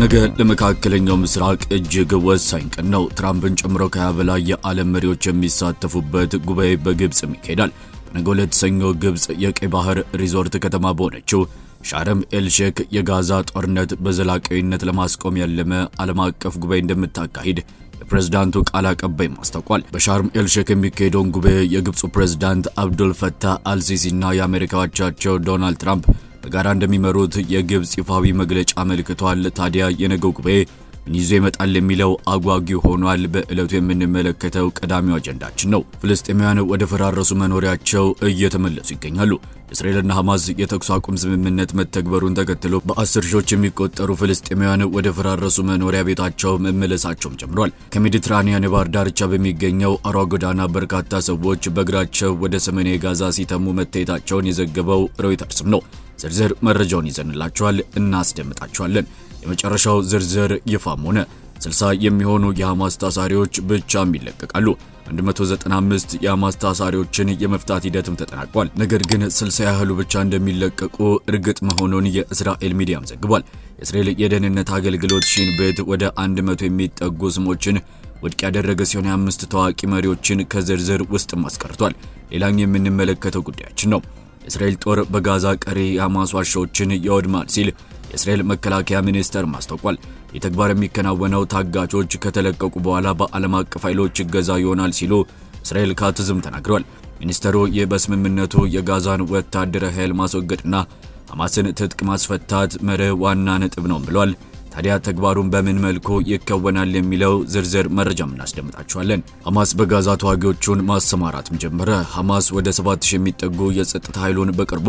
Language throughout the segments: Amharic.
ነገ ለመካከለኛው ምስራቅ እጅግ ወሳኝ ቀን ነው። ትራምፕን ጨምሮ ከሀያ በላይ የዓለም መሪዎች የሚሳተፉበት ጉባኤ በግብፅ ይካሄዳል። በነገ ዕለት ሰኞ ግብፅ የቀይ ባህር ሪዞርት ከተማ በሆነችው ሻርም ኤልሼክ የጋዛ ጦርነት በዘላቂነት ለማስቆም ያለመ ዓለም አቀፍ ጉባኤ እንደምታካሂድ የፕሬዝዳንቱ ቃል አቀባይም አስታውቋል። በሻርም ኤልሼክ የሚካሄደውን ጉባኤ የግብፁ ፕሬዝዳንት አብዱል ፈታህ አልሲሲ እና የአሜሪካዎቻቸው ዶናልድ ትራምፕ በጋራ እንደሚመሩት የግብፅ ይፋዊ መግለጫ አመልክቷል። ታዲያ የነገው ጉባኤ ምን ይዞ ይመጣል የሚለው አጓጊ ሆኗል። በዕለቱ የምንመለከተው ቀዳሚው አጀንዳችን ነው። ፍልስጤማውያን ወደ ፈራረሱ መኖሪያቸው እየተመለሱ ይገኛሉ። እስራኤልና ሐማስ የተኩስ አቁም ስምምነት መተግበሩን ተከትሎ በአስር ሺዎች የሚቆጠሩ ፍልስጤማውያን ወደ ፈራረሱ መኖሪያ ቤታቸው መመለሳቸውም ጀምሯል። ከሜዲትራኒያን የባህር ዳርቻ በሚገኘው አሯ ጎዳና በርካታ ሰዎች በእግራቸው ወደ ሰሜናዊ ጋዛ ሲተሙ መታየታቸውን የዘገበው ሮይተርስም ነው። ዝርዝር መረጃውን ይዘንላችኋል፣ እናስደምጣችኋለን። የመጨረሻው ዝርዝር ይፋም ሆነ 60 የሚሆኑ የሐማስ ታሳሪዎች ብቻም ይለቀቃሉ። 195 የሐማስ ታሳሪዎችን የመፍታት ሂደትም ተጠናቋል። ነገር ግን 60 ያህሉ ብቻ እንደሚለቀቁ እርግጥ መሆኑን የእስራኤል ሚዲያም ዘግቧል። የእስራኤል የደህንነት አገልግሎት ሺን ቤት ወደ 100 የሚጠጉ ስሞችን ውድቅ ያደረገ ሲሆን የአምስት ታዋቂ መሪዎችን ከዝርዝር ውስጥም አስቀርቷል። ሌላኛው የምንመለከተው ጉዳያችን ነው። የእስራኤል ጦር በጋዛ ቀሪ የሐማስ ዋሻዎችን ያወድማል ሲል የእስራኤል መከላከያ ሚኒስቴር ማስታውቋል። ይህ ተግባር የሚከናወነው ታጋቾች ከተለቀቁ በኋላ በዓለም አቀፍ ኃይሎች እገዛ ይሆናል ሲሉ እስራኤል ካትዝም ተናግረዋል። ሚኒስተሩ ይህ በስምምነቱ የጋዛን ወታደራዊ ኃይል ማስወገድና ሐማስን ትጥቅ ማስፈታት መርህ ዋና ነጥብ ነው ብለዋል። ታዲያ ተግባሩን በምን መልኩ ይከወናል የሚለው ዝርዝር መረጃም እናስደምጣችኋለን። ሐማስ በጋዛ ተዋጊዎቹን ማሰማራትም ጀመረ። ሐማስ ወደ 7000 የሚጠጉ የጸጥታ ኃይሉን በቅርቡ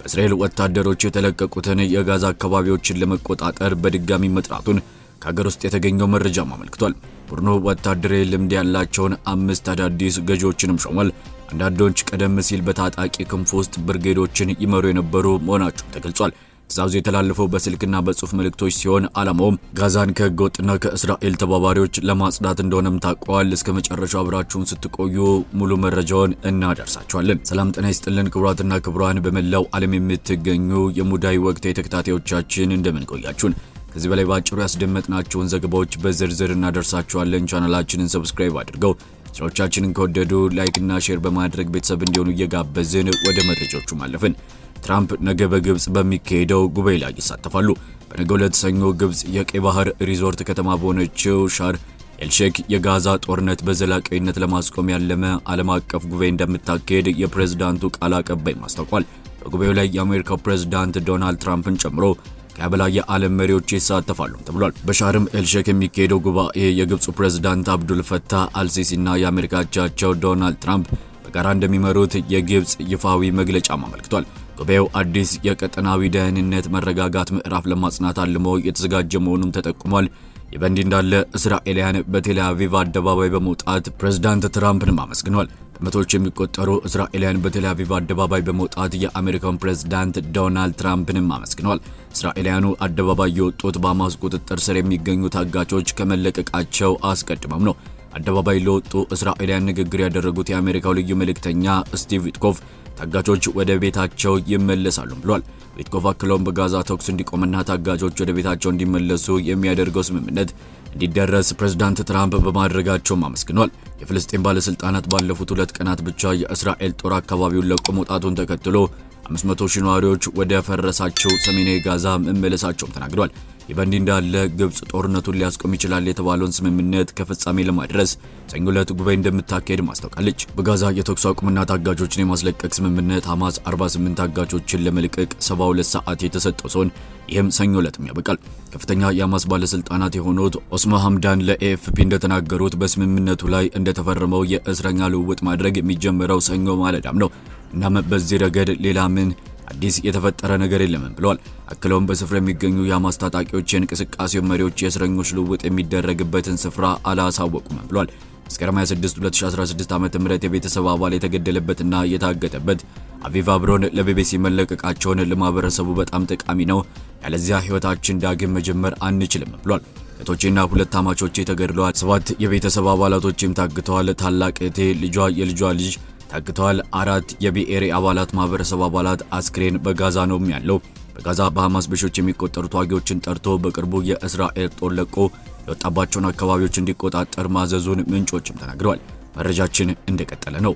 በእስራኤል ወታደሮች የተለቀቁትን የጋዛ አካባቢዎችን ለመቆጣጠር በድጋሚ መጥራቱን ከሀገር ውስጥ የተገኘው መረጃም አመልክቷል። ቡድኑ ወታደራዊ ልምድ ያላቸውን አምስት አዳዲስ ገዢዎችንም ሾሟል። አንዳንዶች ቀደም ሲል በታጣቂ ክንፍ ውስጥ ብርጌዶችን ይመሩ የነበሩ መሆናቸው ተገልጿል። ትዕዛዙ የተላለፈው በስልክና በጽሁፍ መልእክቶች ሲሆን አላማውም ጋዛን ከህገወጥና ከእስራኤል ተባባሪዎች ለማጽዳት እንደሆነም ታውቋል። እስከ መጨረሻው አብራችሁን ስትቆዩ ሙሉ መረጃውን እናደርሳችኋለን። ሰላም ጤና ይስጥልን ክቡራትና ክቡራን በመላው ዓለም የምትገኙ የሙዳይ ወቅታዊ ተከታታዮቻችን እንደምንቆያችሁን ከዚህ በላይ በአጭሩ ያስደመጥናቸውን ዘገባዎች በዝርዝር እናደርሳችኋለን። ቻናላችንን ሰብስክራይብ አድርገው ስራዎቻችንን ከወደዱ ላይክና ሼር በማድረግ ቤተሰብ እንዲሆኑ እየጋበዝን ወደ መረጃዎቹ ማለፍን ትራምፕ ነገ በግብጽ በሚካሄደው ጉባኤ ላይ ይሳተፋሉ። በነገው ዕለት ሰኞ ግብጽ የቀይ ባህር ሪዞርት ከተማ በሆነችው ሻር ኤልሼክ የጋዛ ጦርነት በዘላቂነት ለማስቆም ያለመ ዓለም አቀፍ ጉባኤ እንደምታካሄድ የፕሬዝዳንቱ ቃል አቀባይ ማስታውቋል። በጉባኤው ላይ የአሜሪካው ፕሬዝዳንት ዶናልድ ትራምፕን ጨምሮ ከበላይ የዓለም መሪዎች ይሳተፋሉ ተብሏል። በሻርም ኤልሼክ የሚካሄደው ጉባኤ የግብፁ ፕሬዝዳንት አብዱል ፈታህ አልሲሲ የአሜሪካ አቻቸው ዶናልድ ትራምፕ በጋራ እንደሚመሩት የግብፅ ይፋዊ መግለጫም አመልክቷል። ጉባኤው አዲስ የቀጠናዊ ደህንነት መረጋጋት ምዕራፍ ለማጽናት አልሞ የተዘጋጀ መሆኑም ተጠቁሟል። ይህ በእንዲህ እንዳለ እስራኤላውያን በቴል አደባባይ በመውጣት ፕሬዝዳንት ትራምፕንም አመስግኗል። በመቶዎች የሚቆጠሩ እስራኤላውያን በቴል አደባባይ በመውጣት የአሜሪካን ፕሬዝዳንት ዶናልድ ትራምፕንም አመስግኗል። እስራኤላውያኑ አደባባይ የወጡት በሐማስ ቁጥጥር ስር የሚገኙ ታጋቾች ከመለቀቃቸው አስቀድመም ነው። አደባባይ ለወጡ እስራኤላውያን ንግግር ያደረጉት የአሜሪካው ልዩ መልእክተኛ ስቲቭ ዊትኮቭ ታጋቾች ወደ ቤታቸው ይመለሳሉ ብሏል። ዊትኮቭ አክለውም በጋዛ ተኩስ እንዲቆምና ታጋቾች ወደ ቤታቸው እንዲመለሱ የሚያደርገው ስምምነት እንዲደረስ ፕሬዝዳንት ትራምፕ በማድረጋቸውም አመስግኗል። የፍልስጤም ባለሥልጣናት ባለፉት ሁለት ቀናት ብቻ የእስራኤል ጦር አካባቢውን ለቆ መውጣቱን ተከትሎ 500 ሺህ ነዋሪዎች ወደ ፈረሳቸው ሰሜናዊ ጋዛ መመለሳቸውም ተናግረዋል። ይህ በእንዲህ እንዳለ ግብጽ ጦርነቱን ሊያስቆም ይችላል የተባለውን ስምምነት ከፍጻሜ ለማድረስ ሰኞ ዕለት ጉባኤ እንደምታካሄድ ማስታውቃለች። በጋዛ የተኩስ አቁምና ታጋቾችን የማስለቀቅ ስምምነት ሐማስ 48 ታጋቾችን ለመልቀቅ 72 ሰዓት የተሰጠው ሲሆን ይህም ሰኞ ዕለትም ያበቃል። ከፍተኛ የሐማስ ባለስልጣናት የሆኑት ኦስማ ሐምዳን ለኤኤፍፒ እንደተናገሩት በስምምነቱ ላይ እንደተፈረመው የእስረኛ ልውውጥ ማድረግ የሚጀምረው ሰኞ ማለዳም ነው። እናም በዚህ ረገድ ሌላ ምን አዲስ የተፈጠረ ነገር የለም ብለዋል። አክለውም በስፍራ የሚገኙ የሐማስ ታጣቂዎች የእንቅስቃሴው መሪዎች የእስረኞች ልውውጥ የሚደረግበትን ስፍራ አላሳወቁም ብለዋል። መስከረም 26 2016 ዓ.ም የቤተሰብ አባል የተገደለበትና የታገተበት አቪቫ ብሮን ለቢቢሲ መለቀቃቸውን ለማህበረሰቡ በጣም ጠቃሚ ነው፣ ያለዚያ ህይወታችን ዳግም መጀመር አንችልም ብሏል። እህቶቼና ሁለት ታማቾቼ ተገድለዋል። ሰባት የቤተሰብ አባላቶችም ታግተዋል። ታላቅ እህቴ፣ ልጇ፣ የልጇ ልጅ ታግተዋል። አራት የቢኤሪ አባላት ማህበረሰብ አባላት አስክሬን በጋዛ ነውም ያለው። በጋዛ በሐማስ በሺዎች የሚቆጠሩ ተዋጊዎችን ጠርቶ በቅርቡ የእስራኤል ጦር ለቆ የወጣባቸውን አካባቢዎች እንዲቆጣጠር ማዘዙን ምንጮችም ተናግረዋል። መረጃችን እንደቀጠለ ነው።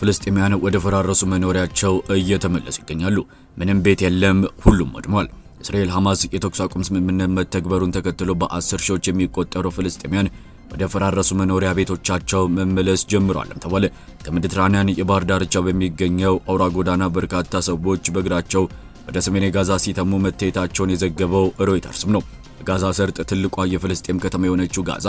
ፍልስጤማውያን ወደ ፈራረሱ መኖሪያቸው እየተመለሱ ይገኛሉ። ምንም ቤት የለም፣ ሁሉም ወድሟል። እስራኤል ሐማስ የተኩስ አቁም ስምምነት መተግበሩን ተከትሎ በአስር ሺዎች የሚቆጠሩ ፍልስጤማውያን ወደ ፈራረሱ መኖሪያ ቤቶቻቸው መመለስ ጀምሯል ተባለ። ከሜዲትራንያን የባህር ዳርቻ በሚገኘው አውራ ጎዳና በርካታ ሰዎች በእግራቸው ወደ ሰሜን ጋዛ ሲተሙ መታየታቸውን የዘገበው ሮይተርስም ነው። በጋዛ ሰርጥ ትልቋ የፍልስጤም ከተማ የሆነችው ጋዛ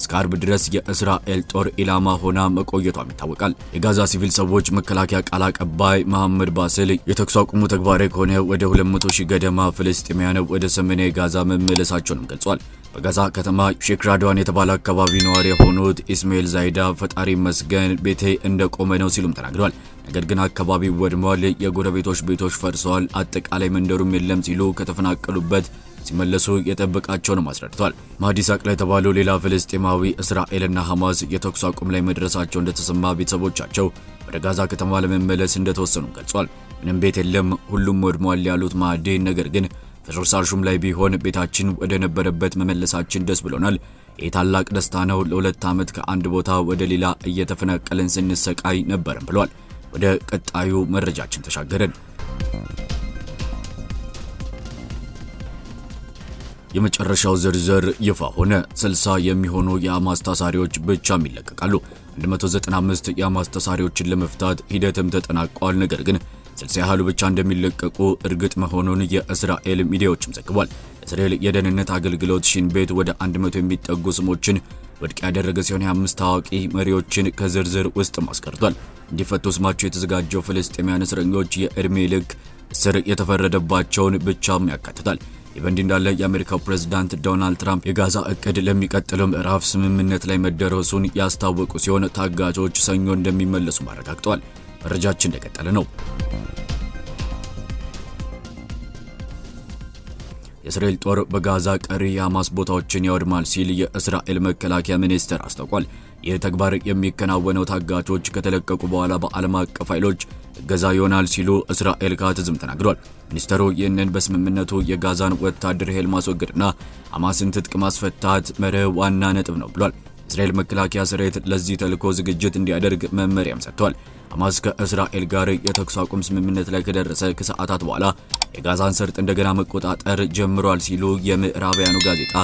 እስከ አርብ ድረስ የእስራኤል ጦር ኢላማ ሆና መቆየቷም ይታወቃል። የጋዛ ሲቪል ሰዎች መከላከያ ቃል አቀባይ መሐመድ ባስል የተኩስ አቁሙ ተግባራዊ ከሆነ ወደ 200 ሺህ ገደማ ፍልስጤማውያን ወደ ሰሜናዊ ጋዛ መመለሳቸውንም ገልጿል። በጋዛ ከተማ ሼክ ራድዋን የተባለ አካባቢ ነዋሪ የሆኑት ኢስማኤል ዛይዳ ፈጣሪ መስገን ቤቴ እንደቆመ ነው ሲሉም ተናግረዋል። ነገር ግን አካባቢው ወድሟል፣ የጎረቤቶች ቤቶች ፈርሰዋል፣ አጠቃላይ መንደሩም የለም ሲሉ ከተፈናቀሉበት ሲመለሱ የጠበቃቸውንም አስረድቷል። ማዲሳቅ ላይ የተባሉ ሌላ ፍልስጤማዊ እስራኤልና ሐማስ የተኩስ አቁም ላይ መድረሳቸው እንደተሰማ ቤተሰቦቻቸው ወደ ጋዛ ከተማ ለመመለስ እንደተወሰኑ ገልጿል። ምንም ቤት የለም፣ ሁሉም ወድሟል ያሉት ማዕዴ ነገር ግን ተሾርሳሹም ላይ ቢሆን ቤታችን ወደ ነበረበት መመለሳችን ደስ ብሎናል። ይህ ታላቅ ደስታ ነው። ለሁለት ዓመት ከአንድ ቦታ ወደ ሌላ እየተፈናቀለን ስንሰቃይ ነበርም ብሏል። ወደ ቀጣዩ መረጃችን ተሻገርን። የመጨረሻው ዝርዝር ይፋ ሆነ። 60 የሚሆኑ የሐማስ ታሳሪዎች ብቻም ይለቀቃሉ። 195 የሐማስ ታሳሪዎችን ለመፍታት ሂደትም ተጠናቋል። ነገር ግን ስልሳ ያህሉ ብቻ እንደሚለቀቁ እርግጥ መሆኑን የእስራኤል ሚዲያዎችም ዘግቧል። እስራኤል የደህንነት አገልግሎት ሺን ቤት ወደ 100 የሚጠጉ ስሞችን ውድቅ ያደረገ ሲሆን የአምስት ታዋቂ መሪዎችን ከዝርዝር ውስጥ ማስቀርቷል። እንዲፈቱ ስማቸው የተዘጋጀው ፍልስጤማውያን እስረኞች የእድሜ ልክ እስር የተፈረደባቸውን ብቻም ያካትታል። ይህ በእንዲህ እንዳለ የአሜሪካው ፕሬዝዳንት ዶናልድ ትራምፕ የጋዛ እቅድ ለሚቀጥለው ምዕራፍ ስምምነት ላይ መደረሱን ያስታወቁ ሲሆን ታጋቾች ሰኞ እንደሚመለሱ አረጋግጠዋል። መረጃችን እንደቀጠለ ነው። የእስራኤል ጦር በጋዛ ቀሪ የሐማስ ቦታዎችን ያወድማል ሲል የእስራኤል መከላከያ ሚኒስቴር አስታውቋል። ይህ ተግባር የሚከናወነው ታጋቾች ከተለቀቁ በኋላ በዓለም አቀፍ ኃይሎች እገዛ ይሆናል ሲሉ እስራኤል ካትዝም ተናግሯል። ሚኒስተሩ ይህንን በስምምነቱ የጋዛን ወታደር ኃይል ማስወገድና ሐማስን ትጥቅ ማስፈታት መርህ ዋና ነጥብ ነው ብሏል። እስራኤል መከላከያ ሰራዊት ለዚህ ተልኮ ዝግጅት እንዲያደርግ መመሪያም ሰጥቷል። ሐማስ ከእስራኤል ጋር የተኩስ አቁም ስምምነት ላይ ከደረሰ ከሰዓታት በኋላ የጋዛን ሰርጥ እንደገና መቆጣጠር ጀምሯል ሲሉ የምዕራባውያኑ ጋዜጣ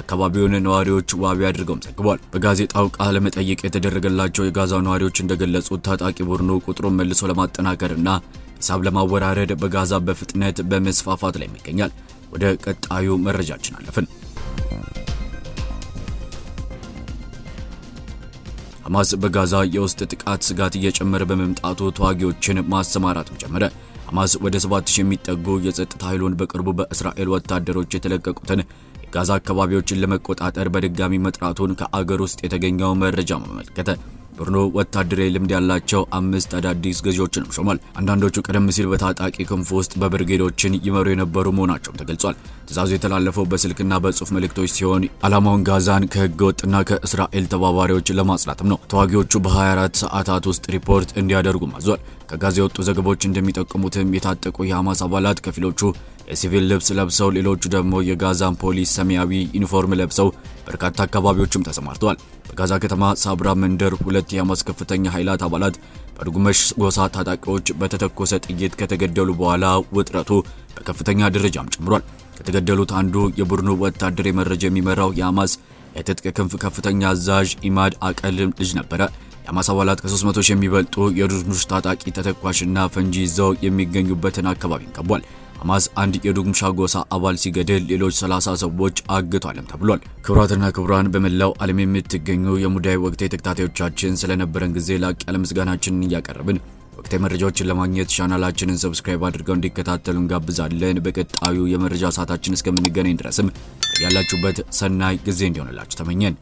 አካባቢውን ነዋሪዎች ዋቢ አድርገውም ዘግቧል። በጋዜጣው ቃለ መጠይቅ የተደረገላቸው የጋዛ ነዋሪዎች እንደገለጹት ታጣቂ ቡድኑ ቁጥሩን መልሶ ለማጠናከርና ሂሳብ ለማወራረድ በጋዛ በፍጥነት በመስፋፋት ላይ ይገኛል። ወደ ቀጣዩ መረጃችን አለፍን። ሐማስ በጋዛ የውስጥ ጥቃት ስጋት እየጨመረ በመምጣቱ ተዋጊዎችን ማሰማራትም ጀመረ። ሐማስ ወደ 7000 የሚጠጉ የጸጥታ ኃይሉን በቅርቡ በእስራኤል ወታደሮች የተለቀቁትን የጋዛ አካባቢዎችን ለመቆጣጠር በድጋሚ መጥራቱን ከአገር ውስጥ የተገኘው መረጃ አመለከተ። ቡድኑ ወታደራዊ ልምድ ያላቸው አምስት አዳዲስ ገዢዎችንም ሾሟል። አንዳንዶቹ ቀደም ሲል በታጣቂ ክንፍ ውስጥ በብርጌዶችን ይመሩ የነበሩ መሆናቸውም ተገልጿል። ትእዛዙ የተላለፈው በስልክና በጽሑፍ መልእክቶች ሲሆን ዓላማውን ጋዛን ከህገ ወጥና ከእስራኤል ተባባሪዎች ለማጽዳትም ነው። ተዋጊዎቹ በ24 ሰዓታት ውስጥ ሪፖርት እንዲያደርጉም አዟል። ከጋዛ የወጡ ዘገባዎች እንደሚጠቁሙትም የታጠቁ የሐማስ አባላት ከፊሎቹ የሲቪል ልብስ ለብሰው ሌሎቹ ደግሞ የጋዛን ፖሊስ ሰማያዊ ዩኒፎርም ለብሰው በርካታ አካባቢዎችም ተሰማርተዋል። በጋዛ ከተማ ሳብራ መንደር ሁለት የሐማስ ከፍተኛ ኃይላት አባላት በድጉመሽ ጎሳ ታጣቂዎች በተተኮሰ ጥይት ከተገደሉ በኋላ ውጥረቱ በከፍተኛ ደረጃም ጨምሯል። ከተገደሉት አንዱ የቡድኑ ወታደር የመረጃ የሚመራው የሐማስ የትጥቅ ክንፍ ከፍተኛ አዛዥ ኢማድ አቀል ልጅ ነበረ። የሐማስ አባላት ከ300 የሚበልጡ የዱርኑሽ ታጣቂ ተተኳሽና ፈንጂ ይዘው የሚገኙበትን አካባቢን ከቧል። ሐማስ አንድ የዶግምሻ ጎሳ አባል ሲገድል ሌሎች 30 ሰዎች አግቷልም ተብሏል። ክቡራትና ክቡራን በመላው ዓለም የምትገኙ የሙዳይ ወቅታዊ ተከታታዮቻችን ስለነበረን ጊዜ ላቅ ያለ ምስጋናችንን እያቀረብን ወቅታዊ መረጃዎችን ለማግኘት ቻናላችንን ሰብስክራይብ አድርገው እንዲከታተሉ እንጋብዛለን። በቀጣዩ የመረጃ ሰዓታችን እስከምንገናኝ ድረስም ያላችሁበት ሰናይ ጊዜ እንዲሆንላችሁ ተመኘን።